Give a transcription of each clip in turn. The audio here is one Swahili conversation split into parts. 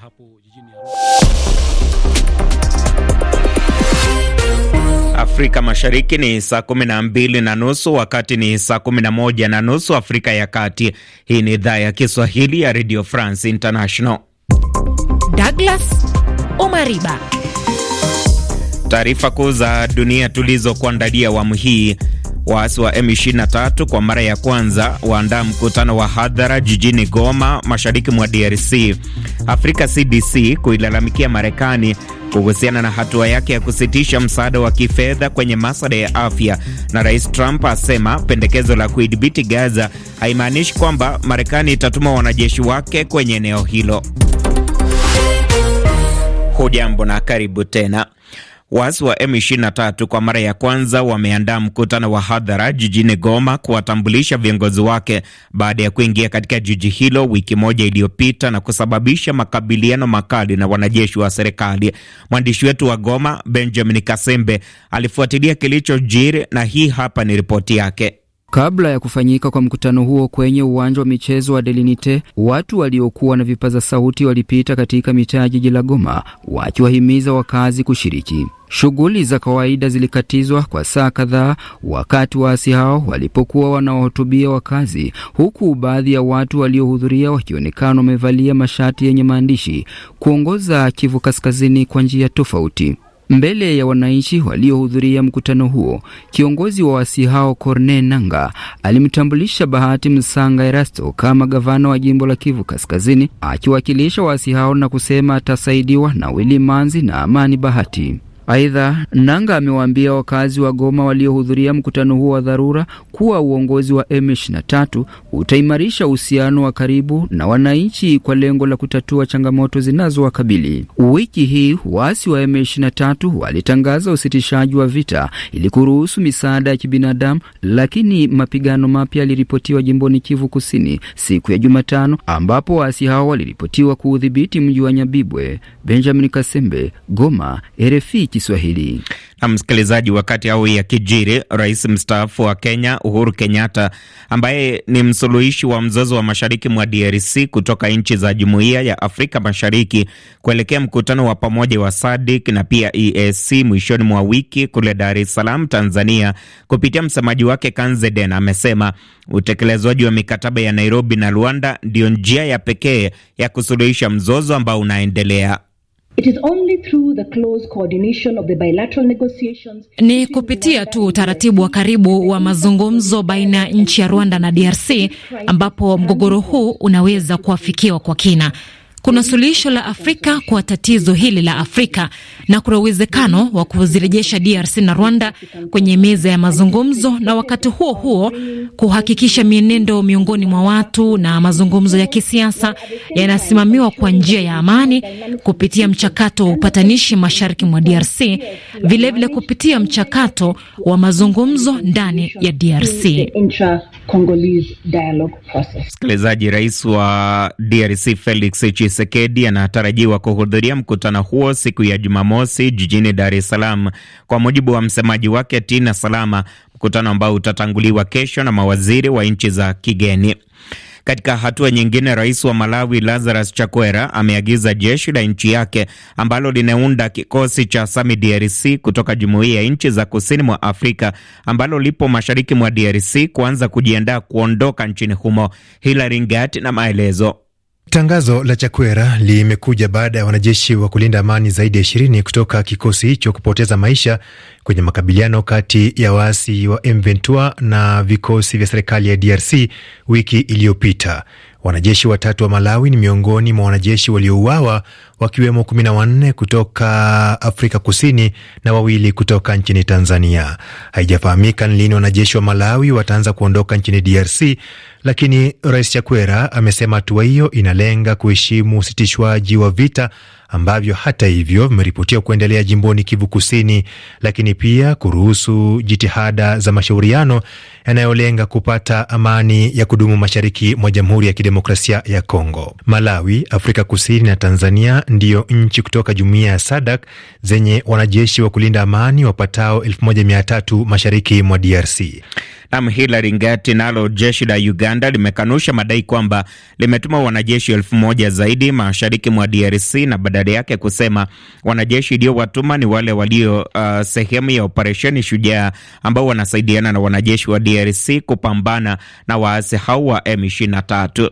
hapo jijini Afrika Mashariki ni saa kumi na mbili na nusu wakati ni saa kumi na moja na nusu Afrika ya Kati. Hii ni idhaa ya Kiswahili ya Radio France International. Douglas Omariba, taarifa kuu za dunia tulizokuandalia awamu hii. Waasi wa M23 kwa mara ya kwanza waandaa mkutano wa hadhara jijini Goma, mashariki mwa DRC. Afrika CDC kuilalamikia Marekani kuhusiana na hatua yake ya kusitisha msaada wa kifedha kwenye masuala ya afya, na Rais Trump asema pendekezo la kuidhibiti Gaza haimaanishi kwamba Marekani itatuma wanajeshi wake kwenye eneo hilo. Hujambo na karibu tena. Waasi wa M23 kwa mara ya kwanza wameandaa mkutano wa hadhara jijini Goma kuwatambulisha viongozi wake baada ya kuingia katika jiji hilo wiki moja iliyopita na kusababisha makabiliano makali na wanajeshi wa serikali. Mwandishi wetu wa Goma, Benjamin Kasembe, alifuatilia kilichojiri na hii hapa ni ripoti yake. Kabla ya kufanyika kwa mkutano huo kwenye uwanja wa michezo wa Delinite, watu waliokuwa na vipaza sauti walipita katika mitaa ya jiji la Goma wakiwahimiza wakazi kushiriki. Shughuli za kawaida zilikatizwa kwa saa kadhaa wakati waasi hao walipokuwa wanawahutubia wakazi, huku baadhi ya watu waliohudhuria wakionekana wamevalia mashati yenye maandishi kuongoza Kivu Kaskazini kwa njia tofauti. Mbele ya wananchi waliohudhuria mkutano huo, kiongozi wa waasi hao Corne Nanga alimtambulisha Bahati Msanga Erasto kama gavana wa jimbo la Kivu Kaskazini, akiwakilisha waasi hao na kusema atasaidiwa na Wili Manzi na Amani Bahati. Aidha, Nanga amewaambia wakazi wa Goma waliohudhuria mkutano huo wa dharura kuwa uongozi wa M23 utaimarisha uhusiano wa karibu na wananchi kwa lengo la kutatua changamoto zinazowakabili. Wiki hii waasi wa M23 walitangaza usitishaji wa vita ili kuruhusu misaada ya kibinadamu, lakini mapigano mapya yaliripotiwa jimboni Kivu Kusini siku ya Jumatano, ambapo waasi hao waliripotiwa kuudhibiti mji wa Nyabibwe. Benjamin Kasembe, Goma, RFI. Kiswahili. Na msikilizaji, wakati au ya kijiri, rais mstaafu wa Kenya Uhuru Kenyatta, ambaye ni msuluhishi wa mzozo wa mashariki mwa DRC kutoka nchi za jumuiya ya Afrika Mashariki kuelekea mkutano wa pamoja wa SADC na pia EAC mwishoni mwa wiki kule Dar es Salaam, Tanzania, kupitia msemaji wake kanzeden amesema utekelezwaji wa mikataba ya Nairobi na rwanda ndiyo njia ya pekee ya kusuluhisha mzozo ambao unaendelea. Ni kupitia tu utaratibu wa karibu wa mazungumzo baina ya nchi ya Rwanda na DRC ambapo mgogoro huu unaweza kuafikiwa kwa kina kuna suluhisho la Afrika kwa tatizo hili la Afrika na kuna uwezekano wa kuzirejesha DRC na Rwanda kwenye meza ya mazungumzo, na wakati huo huo kuhakikisha mienendo miongoni mwa watu na mazungumzo ya kisiasa yanasimamiwa kwa njia ya amani kupitia mchakato wa upatanishi mashariki mwa DRC, vilevile kupitia mchakato wa mazungumzo ndani ya DRC. Congolese dialogue process. Msikilizaji, rais wa DRC Felix Tshisekedi anatarajiwa kuhudhuria mkutano huo siku ya Jumamosi jijini Dar es Salaam, kwa mujibu wa msemaji wake Tina Salama, mkutano ambao utatanguliwa kesho na mawaziri wa nchi za kigeni. Katika hatua nyingine, rais wa Malawi Lazarus Chakwera ameagiza jeshi la nchi yake ambalo linaunda kikosi cha sami drc kutoka jumuiya ya nchi za kusini mwa Afrika ambalo lipo mashariki mwa DRC kuanza kujiandaa kuondoka nchini humo. Hilary Ngati na maelezo. Tangazo la Chakwera limekuja baada ya wanajeshi wa kulinda amani zaidi ya ishirini kutoka kikosi hicho kupoteza maisha kwenye makabiliano kati ya waasi wa M23 na vikosi vya serikali ya DRC wiki iliyopita. Wanajeshi watatu wa Malawi ni miongoni mwa wanajeshi waliouawa wakiwemo kumi na wanne kutoka Afrika Kusini na wawili kutoka nchini Tanzania. Haijafahamika ni lini wanajeshi wa Malawi wataanza kuondoka nchini DRC, lakini Rais Chakwera amesema hatua hiyo inalenga kuheshimu usitishwaji wa vita ambavyo hata hivyo vimeripotiwa kuendelea jimboni Kivu Kusini, lakini pia kuruhusu jitihada za mashauriano yanayolenga kupata amani ya kudumu mashariki mwa Jamhuri ya Kidemokrasia ya Kongo. Malawi, Afrika Kusini na Tanzania ndiyo nchi kutoka jumuiya ya SADAK zenye wanajeshi wa kulinda amani wapatao 1300 mashariki mwa DRC. Nam Hilary Ngati. Nalo jeshi la Uganda limekanusha madai kwamba limetuma wanajeshi elfu moja zaidi mashariki mwa DRC na badala yake kusema wanajeshi iliyowatuma ni wale walio uh, sehemu ya operesheni Shujaa ambao wanasaidiana na wanajeshi wa DRC kupambana na waasi hao wa M23.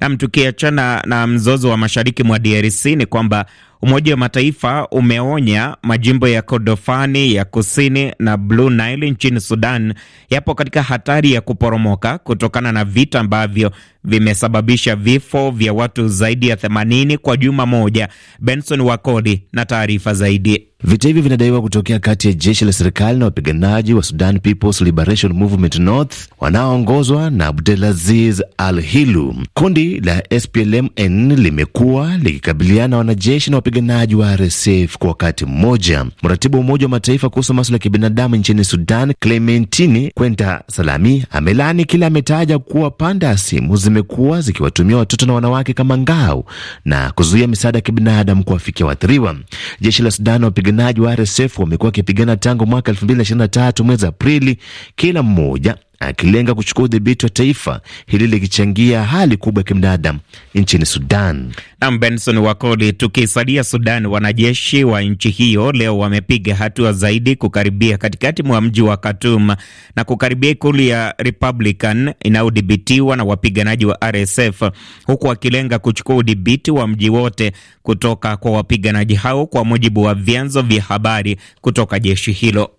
Nam, tukiachana na mzozo wa mashariki mwa DRC ni kwamba Umoja wa Mataifa umeonya majimbo ya Kordofani ya kusini na Blue Nile nchini Sudan yapo katika hatari ya kuporomoka kutokana na vita ambavyo vimesababisha vifo vya watu zaidi ya 80 kwa juma moja. Benson Wakodi na taarifa zaidi. Vita hivyo vinadaiwa kutokea kati ya jeshi la serikali na wapiganaji wa Sudan People's Liberation Movement North wanaoongozwa na Abdelaziz Al Hilu. Kundi la SPLMN limekuwa likikabiliana na wanajeshi na wapiganaji wa RSF kwa wakati mmoja. Mratibu wa Umoja wa Mataifa kuhusu maswala ya kibinadamu nchini Sudan, Clementini Kwenta Salami, amelaani kila ametaja kuwa panda ya simu zimekuwa zikiwatumia watoto na wanawake kama ngao na kuzuia misaada ya kibinadamu kuwafikia waathiriwa. Jeshi la Sudan na wapiganaji wa RSF wamekuwa wakipigana tangu mwaka 2023 mwezi Aprili, kila mmoja akilenga kuchukua udhibiti wa taifa hili likichangia hali kubwa ya kibinadamu nchini Sudan. Nam Benson Wakoli. Tukisalia Sudan, wanajeshi wa nchi hiyo leo wamepiga hatua wa zaidi kukaribia katikati mwa mji wa Khartoum na kukaribia ikulu ya Republican inayodhibitiwa na wapiganaji wa RSF huku wakilenga kuchukua udhibiti wa mji wote kutoka kwa wapiganaji hao, kwa mujibu wa vyanzo vya habari kutoka jeshi hilo.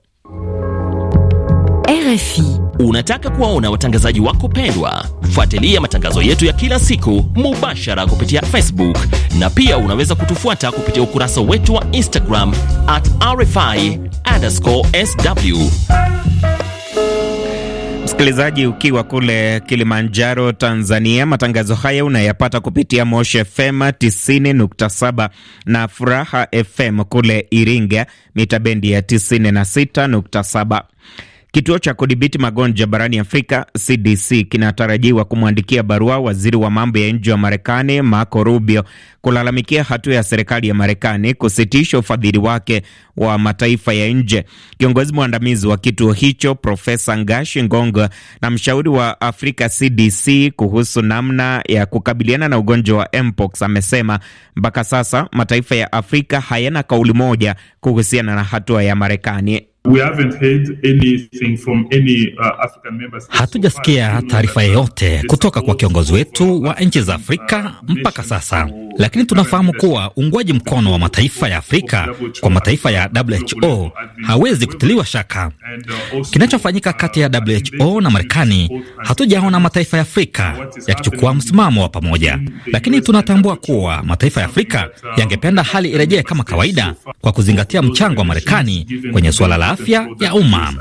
RFI. Unataka kuwaona watangazaji wako pendwa? Fuatilia matangazo yetu ya kila siku mubashara kupitia Facebook na pia unaweza kutufuata kupitia ukurasa wetu wa Instagram at RFI sw. Msikilizaji, ukiwa kule Kilimanjaro, Tanzania, matangazo haya unayapata kupitia Moshi FM 90.7 na Furaha FM kule Iringa, mita bendi ya 96.7. Kituo cha kudhibiti magonjwa barani Afrika CDC kinatarajiwa kumwandikia barua waziri wa mambo ya nje wa Marekani Marco Rubio kulalamikia hatua ya serikali ya Marekani kusitisha ufadhili wake wa mataifa ya nje. Kiongozi mwandamizi wa kituo hicho Profesa Ngashi Ngongo na mshauri wa Afrika CDC kuhusu namna ya kukabiliana na ugonjwa wa mpox amesema mpaka sasa mataifa ya Afrika hayana kauli moja kuhusiana na hatua ya Marekani. Uh, Hatujasikia taarifa yeyote kutoka kwa kiongozi wetu wa nchi za Afrika mpaka sasa lakini tunafahamu kuwa uungwaji mkono wa mataifa ya Afrika kwa mataifa ya WHO hawezi kutiliwa shaka. Kinachofanyika kati ya WHO na Marekani, hatujaona mataifa ya Afrika yakichukua msimamo wa pamoja, lakini tunatambua kuwa mataifa ya Afrika yangependa hali irejee kama kawaida kwa kuzingatia mchango wa Marekani kwenye suala la afya ya umma.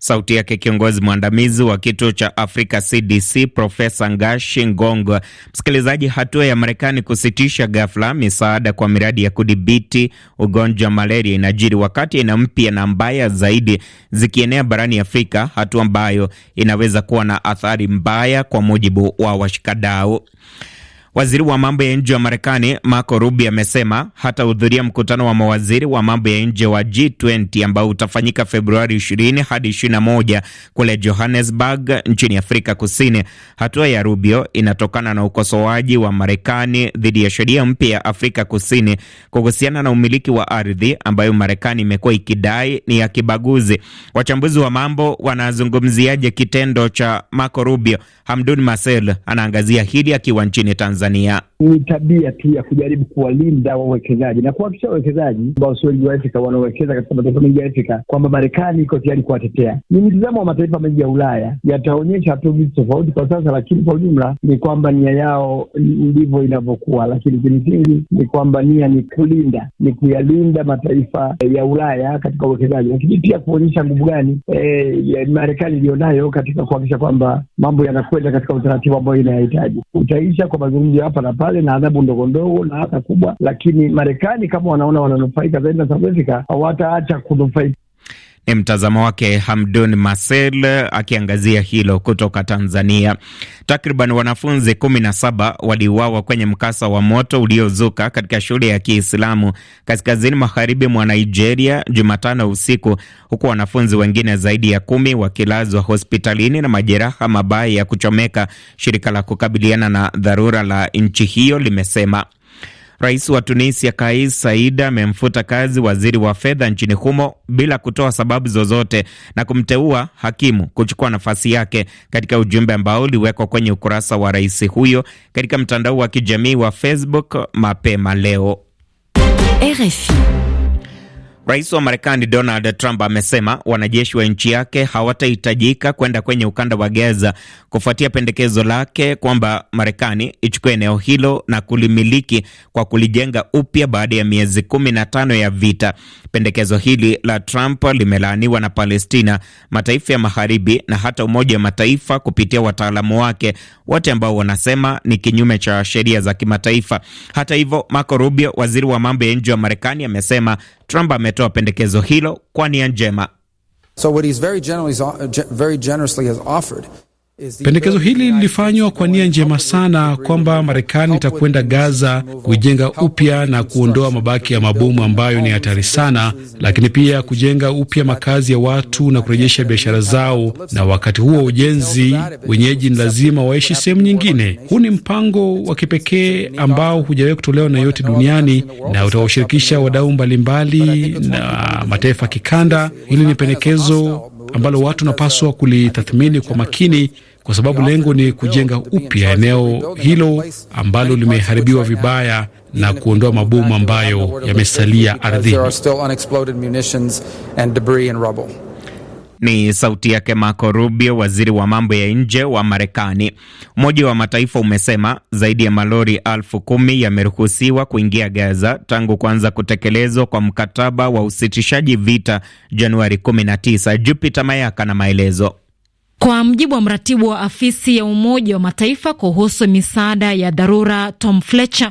Sauti yake kiongozi mwandamizi wa kituo cha Afrika CDC Profesa Ngashi Ngongo. Msikilizaji, hatua ya Marekani kusitisha ghafla misaada kwa miradi ya kudhibiti ugonjwa wa malaria inajiri wakati aina mpya na mbaya zaidi zikienea barani Afrika, hatua ambayo inaweza kuwa na athari mbaya kwa mujibu wa washikadau. Waziri wa mambo ya nje wa Marekani Marco Rubio amesema hatahudhuria mkutano wa mawaziri wa mambo ya nje wa G20 ambao utafanyika Februari 20 hadi 21 kule Johannesburg nchini Afrika Kusini. Hatua ya Rubio inatokana na ukosoaji wa Marekani dhidi ya sheria mpya ya Afrika Kusini kuhusiana na umiliki wa ardhi ambayo Marekani imekuwa ikidai ni ya kibaguzi. Wachambuzi wa mambo wanazungumziaje kitendo cha Marco Rubio? Hamdun Marcel anaangazia hili akiwa nchini Tanzania. Tanzania. ni tabia tu ya kujaribu kuwalinda wawekezaji na kuwahakikisha wawekezaji ambao sio wengi wa Afrika wanaowekeza katika mataifa mengi ya Afrika kwamba Marekani iko tayari kuwatetea. Ni mtizamo wa mataifa mengi ya Ulaya, yataonyesha tu vitu tofauti kwa sasa, lakini kwa ujumla ni kwamba nia yao ndivyo inavyokuwa, lakini kimsingi ni kwamba nia ni kulinda, ni kuyalinda mataifa ya Ulaya katika uwekezaji, lakini pia kuonyesha nguvu gani e, Marekani iliyonayo katika kuhakikisha kwamba mambo yanakwenda katika utaratibu ambao inayahitaji. Utaisha kwa mazungumzo hapa na pale pale na adhabu ndogo ndogo na hata kubwa, lakini Marekani kama wanaona wananufaika zaidi na South Africa hawataacha kunufaika. Eh, mtazamo wake Hamdun Marcel eh, akiangazia hilo kutoka Tanzania. Takriban wanafunzi kumi na saba waliuawa kwenye mkasa wa moto uliozuka katika shule ya Kiislamu kaskazini magharibi mwa Nigeria Jumatano usiku, huku wanafunzi wengine zaidi ya kumi wakilazwa hospitalini na majeraha mabaya ya kuchomeka, shirika la kukabiliana na dharura la nchi hiyo limesema. Rais wa Tunisia Kais Saida amemfuta kazi waziri wa fedha nchini humo bila kutoa sababu zozote na kumteua hakimu kuchukua nafasi yake, katika ujumbe ambao uliwekwa kwenye ukurasa wa rais huyo katika mtandao wa kijamii wa Facebook mapema leo. RFI. Rais wa Marekani Donald Trump amesema wanajeshi wa nchi yake hawatahitajika kwenda kwenye ukanda wa Gaza kufuatia pendekezo lake kwamba Marekani ichukue eneo hilo na kulimiliki kwa kulijenga upya baada ya miezi kumi na tano ya vita. Pendekezo hili la Trump limelaaniwa na Palestina, mataifa ya Magharibi na hata Umoja wa Mataifa kupitia wataalamu wake wote ambao wanasema ni kinyume cha sheria za kimataifa. Hata hivyo, Marco Rubio, waziri wa mambo ya nje wa Marekani, amesema Trump ame ametoa pendekezo hilo kwa nia njema. So what he's very generously, uh, very generously has offered Pendekezo hili lilifanywa kwa nia njema sana kwamba Marekani itakwenda Gaza kuijenga upya na kuondoa mabaki ya mabomu ambayo ni hatari sana, lakini pia kujenga upya makazi ya watu na kurejesha biashara zao, na wakati huo ujenzi, wenyeji ni lazima waishi sehemu nyingine. Huu ni mpango wa kipekee ambao hujawahi kutolewa na yote duniani na utawashirikisha wadau mbalimbali na mataifa kikanda. Hili ni pendekezo ambalo watu wanapaswa kulitathmini kwa makini, kwa sababu lengo ni kujenga upya eneo hilo ambalo limeharibiwa vibaya na kuondoa mabomu ambayo yamesalia ardhini. Ni sauti yake Marco Rubio, waziri wa mambo ya nje wa Marekani. Umoja wa Mataifa umesema zaidi ya malori elfu kumi yameruhusiwa kuingia Gaza tangu kuanza kutekelezwa kwa mkataba wa usitishaji vita Januari 19. Jupiter Mayaka na maelezo kwa mjibu wa mratibu wa afisi ya Umoja wa Mataifa kuhusu misaada ya dharura Tom Fletcher,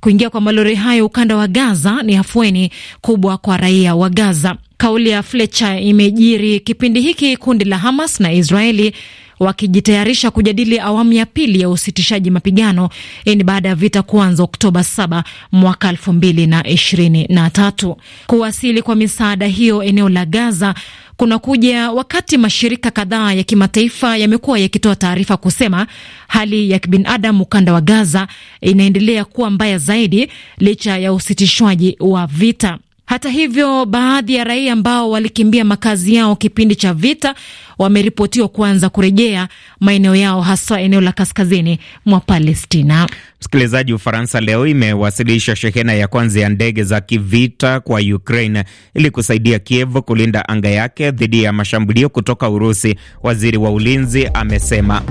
kuingia kwa malori hayo ukanda wa Gaza ni afueni kubwa kwa raia wa Gaza. Kauli ya Fletcher imejiri kipindi hiki kundi la Hamas na Israeli wakijitayarisha kujadili awamu ya pili ya usitishaji mapigano. Hii ni baada ya vita kuanza Oktoba 7 mwaka 2023. Kuwasili kwa misaada hiyo eneo la Gaza kunakuja wakati mashirika kadhaa ya kimataifa yamekuwa yakitoa taarifa kusema hali ya kibinadamu ukanda wa Gaza inaendelea kuwa mbaya zaidi licha ya usitishwaji wa vita. Hata hivyo, baadhi ya raia ambao walikimbia makazi yao kipindi cha vita wameripotiwa kuanza kurejea maeneo yao, haswa eneo la kaskazini mwa Palestina. Msikilizaji, Ufaransa leo imewasilisha shehena ya kwanza ya ndege za kivita kwa Ukraine ili kusaidia Kiev kulinda anga yake dhidi ya mashambulio kutoka Urusi, waziri wa ulinzi amesema.